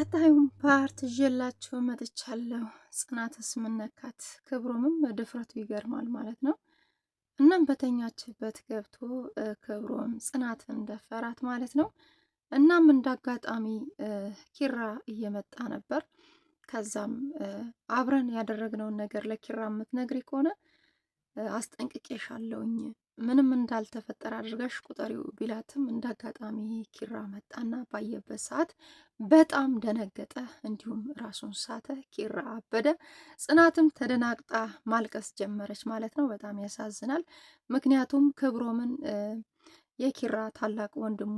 ቀጣዩን ፓርት ይዤላችሁ መጥቻለሁ። ጽናትስ ምነካት ክብሩምም ድፍረቱ ይገርማል ማለት ነው። እናም በተኛችበት ገብቶ ክብሩም ጽናትን ደፈራት ማለት ነው። እናም እንዳጋጣሚ ኪራ እየመጣ ነበር። ከዛም አብረን ያደረግነውን ነገር ለኪራ የምትነግሪ ከሆነ አስጠንቅቄሻለሁኝ ምንም እንዳልተፈጠረ አድርገሽ ቁጠሪው ቢላትም እንዳጋጣሚ ኪራ መጣና ባየበት ሰዓት በጣም ደነገጠ፣ እንዲሁም ራሱን ሳተ። ኪራ አበደ። ጽናትም ተደናግጣ ማልቀስ ጀመረች ማለት ነው። በጣም ያሳዝናል። ምክንያቱም ክብሮምን የኪራ ታላቅ ወንድሙ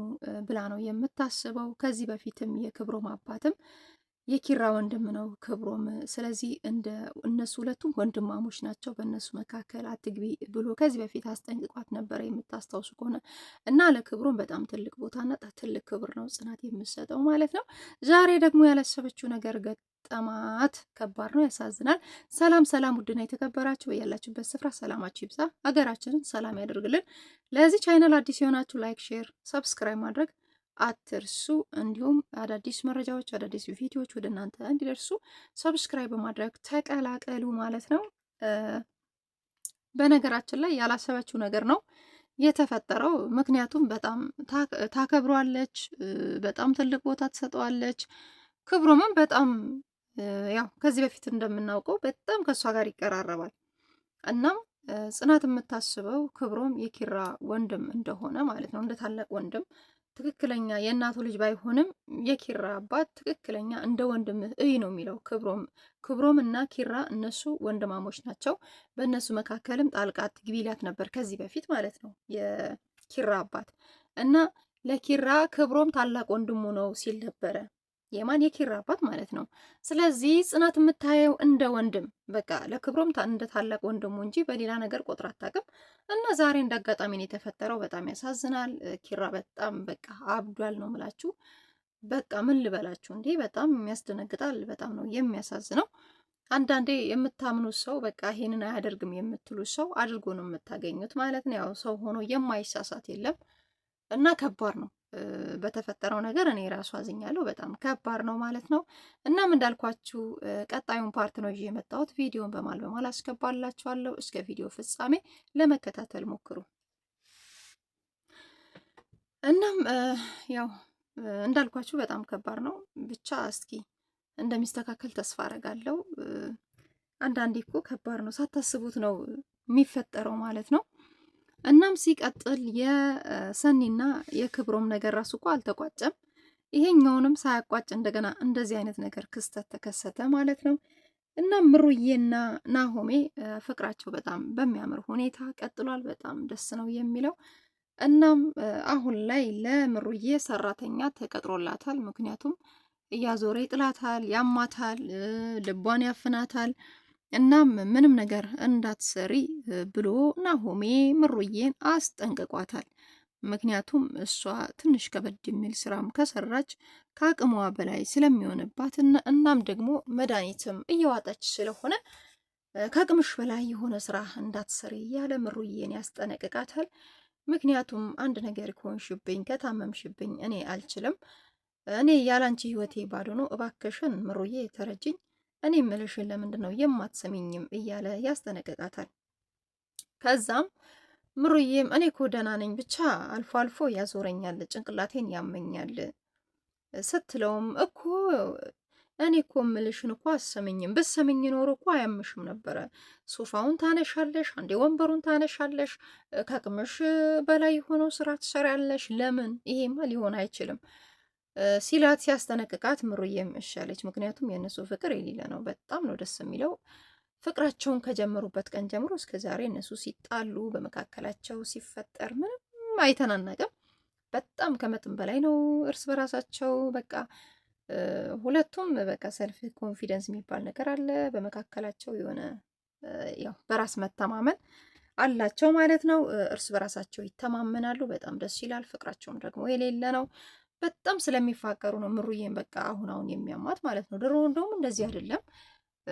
ብላ ነው የምታስበው። ከዚህ በፊትም የክብሮም አባትም የኪራ ወንድም ነው ክብሮም። ስለዚህ እንደ እነሱ ሁለቱም ወንድማሞች ናቸው፣ በእነሱ መካከል አትግቢ ብሎ ከዚህ በፊት አስጠንቅቋት ነበረ የምታስታውሱ ከሆነ እና ለክብሮም በጣም ትልቅ ቦታና ትልቅ ክብር ነው ጽናት የምሰጠው ማለት ነው። ዛሬ ደግሞ ያላሰበችው ነገር ጠማት ከባድ ነው፣ ያሳዝናል። ሰላም ሰላም! ውድና የተከበራችሁ ያላችሁበት ስፍራ ሰላማችሁ ይብዛ፣ ሀገራችንን ሰላም ያደርግልን። ለዚህ ቻይናል አዲስ የሆናችሁ ላይክ፣ ሼር፣ ሰብስክራይብ ማድረግ አትርሱ። እንዲሁም አዳዲስ መረጃዎች፣ አዳዲስ ቪዲዮዎች ወደ እናንተ እንዲደርሱ ሰብስክራይብ በማድረግ ተቀላቀሉ ማለት ነው። በነገራችን ላይ ያላሰበችው ነገር ነው የተፈጠረው። ምክንያቱም በጣም ታከብሯለች፣ በጣም ትልቅ ቦታ ትሰጠዋለች። ክብሮምም በጣም ያው ከዚህ በፊት እንደምናውቀው በጣም ከእሷ ጋር ይቀራረባል። እናም ጽናት የምታስበው ክብሮም የኪራ ወንድም እንደሆነ ማለት ነው እንደ ታላቅ ወንድም ትክክለኛ የእናቱ ልጅ ባይሆንም የኪራ አባት ትክክለኛ እንደ ወንድም እይ ነው የሚለው ክብሮም። ክብሮም እና ኪራ እነሱ ወንድማሞች ናቸው። በእነሱ መካከልም ጣልቃ አትግቢ ይላት ነበር ከዚህ በፊት ማለት ነው የኪራ አባት እና ለኪራ ክብሮም ታላቅ ወንድሙ ነው ሲል ነበረ። የማን የኪራ አባት ማለት ነው። ስለዚህ ጽናት የምታየው እንደ ወንድም በቃ ለክብሮም እንደ ታላቅ ወንድሙ እንጂ በሌላ ነገር ቆጥራ አታውቅም። እና ዛሬ እንደ አጋጣሚ ነው የተፈጠረው። በጣም ያሳዝናል። ኪራ በጣም በቃ አብዷል ነው ምላችሁ። በቃ ምን ልበላችሁ እንዴ! በጣም የሚያስደነግጣል። በጣም ነው የሚያሳዝነው። አንዳንዴ የምታምኑት ሰው በቃ ይሄንን አያደርግም የምትሉት ሰው አድርጎ ነው የምታገኙት ማለት ነው። ያው ሰው ሆኖ የማይሳሳት የለም እና ከባድ ነው። በተፈጠረው ነገር እኔ ራሱ አዝኛለሁ። በጣም ከባድ ነው ማለት ነው። እናም እንዳልኳችሁ ቀጣዩን ፓርት ነው ይዤ የመጣሁት። ቪዲዮን በማል በማል አስገባላችኋለሁ። እስከ ቪዲዮ ፍጻሜ ለመከታተል ሞክሩ። እናም ያው እንዳልኳችሁ በጣም ከባድ ነው። ብቻ እስኪ እንደሚስተካከል ተስፋ አረጋለሁ። አንዳንዴ እኮ ከባድ ነው፣ ሳታስቡት ነው የሚፈጠረው ማለት ነው። እናም ሲቀጥል የሰኒና የክብሮም ነገር ራሱ እኮ አልተቋጨም። ይሄኛውንም ሳያቋጭ እንደገና እንደዚህ አይነት ነገር ክስተት ተከሰተ ማለት ነው። እናም ምሩዬና ናሆሜ ፍቅራቸው በጣም በሚያምር ሁኔታ ቀጥሏል። በጣም ደስ ነው የሚለው። እናም አሁን ላይ ለምሩዬ ሰራተኛ ተቀጥሮላታል። ምክንያቱም እያዞረ ይጥላታል፣ ያማታል፣ ልቧን ያፍናታል። እናም ምንም ነገር እንዳትሰሪ ብሎ ናሆሜ ምሩዬን አስጠንቅቋታል። ምክንያቱም እሷ ትንሽ ከበድ የሚል ስራም ከሰራች ከአቅሟ በላይ ስለሚሆንባት እናም ደግሞ መድኃኒትም እየዋጠች ስለሆነ ከአቅምሽ በላይ የሆነ ስራ እንዳትሰሪ ያለ ምሩዬን ያስጠነቅቃታል። ምክንያቱም አንድ ነገር ከሆንሽብኝ፣ ከታመምሽብኝ እኔ አልችልም። እኔ ያላንቺ ህይወቴ ባዶ ነው። እባክሽን ምሩዬ ተረጅኝ እኔ ምልሽን ለምንድን ነው የማትሰሚኝም? እያለ ያስጠነቅቃታል። ከዛም ምሩዬም እኔ እኮ ደህና ነኝ፣ ብቻ አልፎ አልፎ ያዞረኛል፣ ጭንቅላቴን ያመኛል ስትለውም እኮ እኔ እኮ ምልሽን እኮ አሰምኝም ብሰምኝ ኖሮ እኮ አያምሽም ነበረ። ሶፋውን ታነሻለሽ፣ አንዴ ወንበሩን ታነሻለሽ፣ ከቅምሽ በላይ ሆኖ ስራ ትሰሪያለሽ። ለምን ይሄማ ሊሆን አይችልም ሲላት ሲያስጠነቅቃት ምሩዬም እሺ አለች። ምክንያቱም የእነሱ ፍቅር የሌለ ነው። በጣም ነው ደስ የሚለው። ፍቅራቸውን ከጀመሩበት ቀን ጀምሮ እስከ ዛሬ እነሱ ሲጣሉ፣ በመካከላቸው ሲፈጠር ምንም አይተናነቅም። በጣም ከመጠን በላይ ነው እርስ በራሳቸው በቃ ሁለቱም በቃ ሰልፍ ኮንፊደንስ የሚባል ነገር አለ በመካከላቸው የሆነ ያው በራስ መተማመን አላቸው ማለት ነው። እርስ በራሳቸው ይተማመናሉ። በጣም ደስ ይላል። ፍቅራቸውም ደግሞ የሌለ ነው። በጣም ስለሚፋቀሩ ነው ምሩዬን በቃ አሁን አሁን የሚያማት ማለት ነው። ድሮ እንደውም እንደዚህ አይደለም።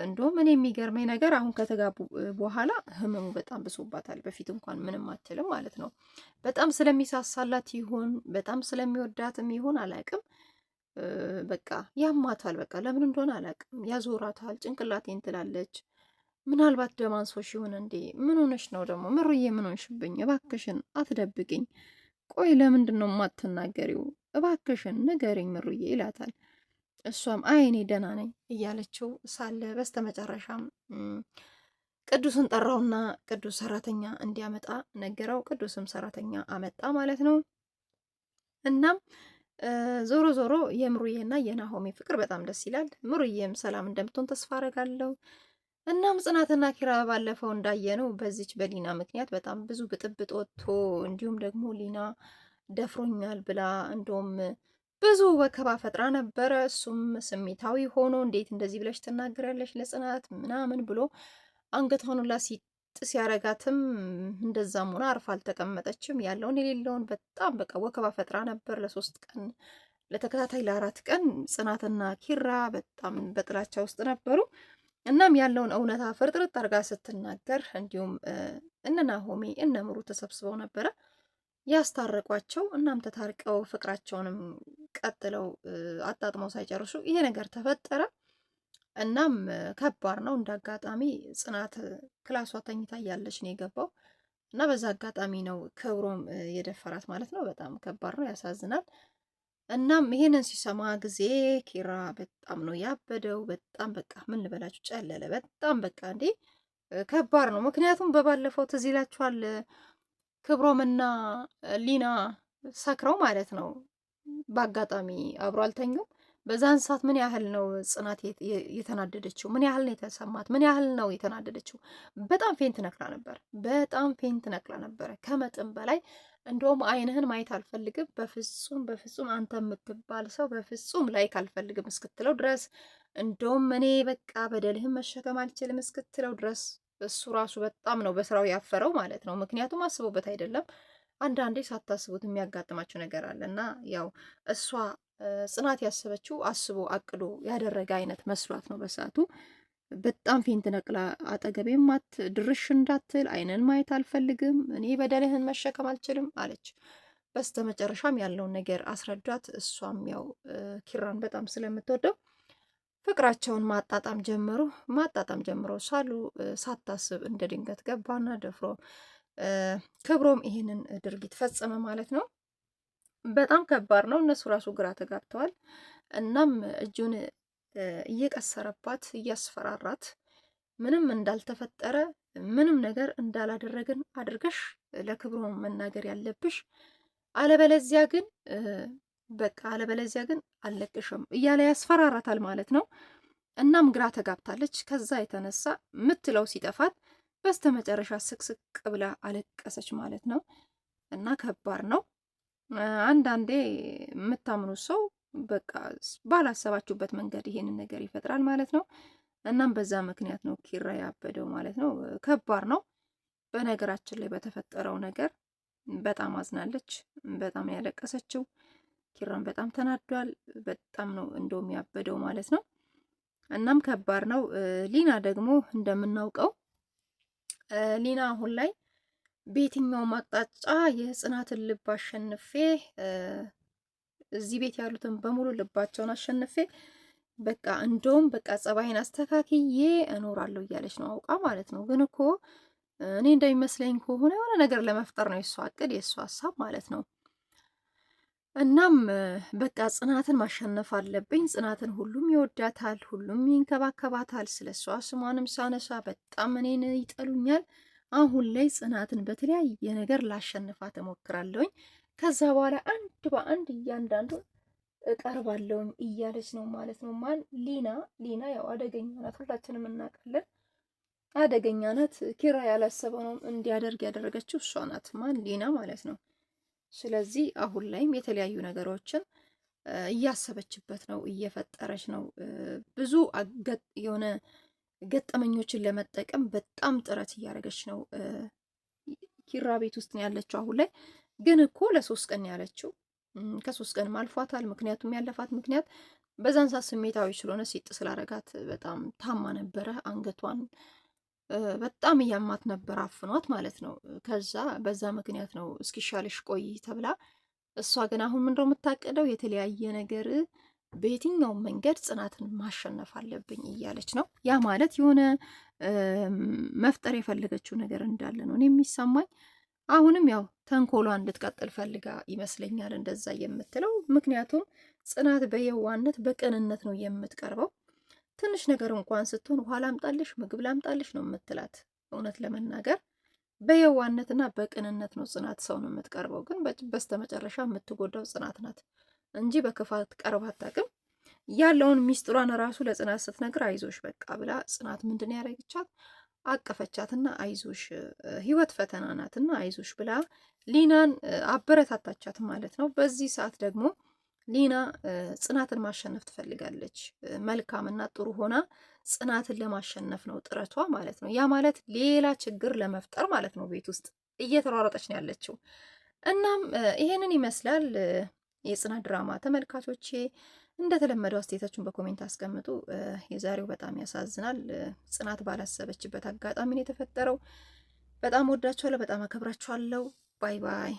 እንደውም እኔ የሚገርመኝ ነገር አሁን ከተጋቡ በኋላ ህመሙ በጣም ብሶባታል። በፊት እንኳን ምንም አትልም ማለት ነው። በጣም ስለሚሳሳላት ይሆን በጣም ስለሚወዳትም ይሆን አላቅም። በቃ ያማታል። በቃ ለምን እንደሆነ አላቅም። ያዞራታል፣ ጭንቅላቴን ትላለች። ምናልባት ደማንሶሽ ይሆን እንዴ? ምን ሆነሽ ነው ደግሞ ምሩዬ? ምን ሆንሽብኝ? እባክሽን አትደብቅኝ። ቆይ ለምንድን ነው የማትናገሪው? እባክሽን ንገሪኝ ምሩዬ ይላታል። እሷም አይኔ እኔ ደህና ነኝ እያለችው ሳለ በስተመጨረሻም ቅዱስን ጠራውና ቅዱስ ሰራተኛ እንዲያመጣ ነገረው። ቅዱስም ሰራተኛ አመጣ ማለት ነው። እናም ዞሮ ዞሮ የምሩዬና የናሆሜ ፍቅር በጣም ደስ ይላል። ምሩዬም ሰላም እንደምትሆን ተስፋ አረጋለሁ። እናም ጽናትና ኪራ ባለፈው እንዳየነው በዚች በሊና ምክንያት በጣም ብዙ ብጥብጥ ወጥቶ እንዲሁም ደግሞ ሊና ደፍሮኛል ብላ እንደውም ብዙ ወከባ ፈጥራ ነበረ። እሱም ስሜታዊ ሆኖ እንዴት እንደዚህ ብለሽ ትናገራለሽ ለጽናት ምናምን ብሎ አንገቷን ሁላ ሲጥ ሲያረጋትም እንደዛም ሆነ አርፋ አልተቀመጠችም። ያለውን የሌለውን በጣም በቃ ወከባ ፈጥራ ነበር ለሶስት ቀን ለተከታታይ ለአራት ቀን ጽናትና ኪራ በጣም በጥላቻ ውስጥ ነበሩ። እናም ያለውን እውነታ ፍርጥርጥ አርጋ ስትናገር እንዲሁም እነ ናሆሜ እነ ምሩ ተሰብስበው ነበረ። ያስታረቋቸው። እናም ተታርቀው ፍቅራቸውንም ቀጥለው አጣጥመው ሳይጨርሱ ይሄ ነገር ተፈጠረ። እናም ከባድ ነው። እንደ አጋጣሚ ጽናት ክላሷ ተኝታ እያለች ነው የገባው እና በዛ አጋጣሚ ነው ክብሮም የደፈራት ማለት ነው። በጣም ከባድ ነው፣ ያሳዝናል። እናም ይሄንን ሲሰማ ጊዜ ኪራ በጣም ነው ያበደው። በጣም በቃ ምን ልበላችሁ ጨለለ። በጣም በቃ እንዴ ከባድ ነው። ምክንያቱም በባለፈው ትዝ ይላችኋል ክብሮምና ሊና ሰክረው ማለት ነው በአጋጣሚ አብሮ አልተኙም። በዛን ሰዓት ምን ያህል ነው ጽናት የተናደደችው? ምን ያህል ነው የተሰማት? ምን ያህል ነው የተናደደችው? በጣም ፌንት ነክላ ነበር። በጣም ፌንት ነክላ ነበረ ከመጠን በላይ እንደውም አይንህን ማየት አልፈልግም፣ በፍጹም በፍጹም አንተ የምትባል ሰው በፍጹም ላይክ አልፈልግም እስክትለው ድረስ እንደውም እኔ በቃ በደልህን መሸከም አልችልም እስክትለው ድረስ እሱ ራሱ በጣም ነው በስራው ያፈረው ማለት ነው። ምክንያቱም አስቦበት አይደለም። አንዳንዴ ሳታስቡት የሚያጋጥማቸው ነገር አለ እና ያው እሷ ጽናት ያሰበችው አስቦ አቅዶ ያደረገ አይነት መስሏት ነው በሰዓቱ በጣም ፊንት ነቅላ አጠገቤ ማት ድርሽ እንዳትል አይንን ማየት አልፈልግም፣ እኔ በደልህን መሸከም አልችልም አለች። በስተ መጨረሻም ያለውን ነገር አስረዷት። እሷም ያው ኪራን በጣም ስለምትወደው ፍቅራቸውን ማጣጣም ጀመሩ። ማጣጣም ጀምሮ ሳሉ ሳታስብ እንደ ድንገት ገባና ደፍሮ ክብሮም ይሄንን ድርጊት ፈጸመ ማለት ነው። በጣም ከባድ ነው። እነሱ ራሱ ግራ ተጋብተዋል። እናም እጁን እየቀሰረባት እያስፈራራት ምንም እንዳልተፈጠረ ምንም ነገር እንዳላደረግን አድርገሽ ለክብሮም መናገር ያለብሽ አለበለዚያ ግን በቃ አለበለዚያ ግን አለቅሽም እያለ ያስፈራራታል ማለት ነው። እናም ግራ ተጋብታለች። ከዛ የተነሳ ምትለው ሲጠፋት በስተመጨረሻ ስቅስቅ ብላ አለቀሰች ማለት ነው። እና ከባድ ነው። አንዳንዴ የምታምኑት ሰው በቃ ባላሰባችሁበት መንገድ ይሄንን ነገር ይፈጥራል ማለት ነው። እናም በዛ ምክንያት ነው ኪራ ያበደው ማለት ነው። ከባድ ነው። በነገራችን ላይ በተፈጠረው ነገር በጣም አዝናለች። በጣም ያለቀሰችው ኪራም በጣም ተናዷል። በጣም ነው እንደውም ያበደው ማለት ነው። እናም ከባድ ነው። ሊና ደግሞ እንደምናውቀው ሊና አሁን ላይ በየትኛውም አቅጣጫ የጽናትን ልብ አሸንፌ እዚህ ቤት ያሉትን በሙሉ ልባቸውን አሸንፌ በቃ እንደውም በቃ ጸባይን አስተካክዬ እኖራለሁ እያለች ነው አውቃ ማለት ነው። ግን እኮ እኔ እንደሚመስለኝ ከሆነ የሆነ ነገር ለመፍጠር ነው የእሷ እቅድ የእሷ ሀሳብ ማለት ነው። እናም በቃ ጽናትን ማሸነፍ አለብኝ። ጽናትን ሁሉም ይወዳታል፣ ሁሉም ይንከባከባታል። ስለሷ ስሟንም ሳነሳ በጣም እኔን ይጠሉኛል። አሁን ላይ ጽናትን በተለያየ ነገር ላሸንፋት እሞክራለሁኝ። ከዛ በኋላ አንድ በአንድ እያንዳንዱ እቀርባለሁኝ እያለች ነው ማለት ነው። ማን ሊና ሊና ያው አደገኛ ናት፣ ሁላችንም እናውቃለን። አደገኛ ናት። ኪራ ያላሰበው ነው እንዲያደርግ ያደረገችው እሷ ናት። ማን ሊና ማለት ነው። ስለዚህ አሁን ላይም የተለያዩ ነገሮችን እያሰበችበት ነው፣ እየፈጠረች ነው። ብዙ የሆነ ገጠመኞችን ለመጠቀም በጣም ጥረት እያደረገች ነው። ኪራ ቤት ውስጥ ነው ያለችው አሁን ላይ። ግን እኮ ለሶስት ቀን ያለችው ከሶስት ቀንም አልፏታል። ምክንያቱም ያለፋት ምክንያት በዛን ሰዓት ስሜታዊ ስለሆነ ሲጥ ስላረጋት በጣም ታማ ነበረ አንገቷን በጣም እያማት ነበር አፍኗት ማለት ነው። ከዛ በዛ ምክንያት ነው እስኪሻልሽ ቆይ ተብላ እሷ ግን አሁን ምንድ የምታቅደው የተለያየ ነገር በየትኛው መንገድ ጽናትን ማሸነፍ አለብኝ እያለች ነው። ያ ማለት የሆነ መፍጠር የፈለገችው ነገር እንዳለ ነው እኔ የሚሰማኝ። አሁንም ያው ተንኮሏ እንድትቀጥል ፈልጋ ይመስለኛል እንደዛ የምትለው ምክንያቱም ጽናት በየዋነት በቅንነት ነው የምትቀርበው። ትንሽ ነገር እንኳን ስትሆን ውሃ ላምጣልሽ፣ ምግብ ላምጣልሽ ነው የምትላት። እውነት ለመናገር በየዋነትና በቅንነት ነው ጽናት ሰው ነው የምትቀርበው፣ ግን በስተመጨረሻ የምትጎዳው ጽናት ናት እንጂ በክፋት ቀርባ አታውቅም። ያለውን ሚስጥሯን ራሱ ለጽናት ስትነግር አይዞሽ በቃ ብላ ጽናት ምንድን ያደረግቻት አቀፈቻትና አይዞሽ ህይወት ፈተና ናትና አይዞሽ ብላ ሊናን አበረታታቻት ማለት ነው። በዚህ ሰዓት ደግሞ ሊና ጽናትን ማሸነፍ ትፈልጋለች። መልካምና ጥሩ ሆና ጽናትን ለማሸነፍ ነው ጥረቷ ማለት ነው። ያ ማለት ሌላ ችግር ለመፍጠር ማለት ነው። ቤት ውስጥ እየተሯሯጠች ነው ያለችው። እናም ይሄንን ይመስላል የጽናት ድራማ። ተመልካቾቼ እንደተለመደው አስተያየታችሁን በኮሜንት አስቀምጡ። የዛሬው በጣም ያሳዝናል። ጽናት ባላሰበችበት አጋጣሚ ነው የተፈጠረው። በጣም ወዳችኋለሁ፣ በጣም አከብራችኋለሁ። ባይ ባይ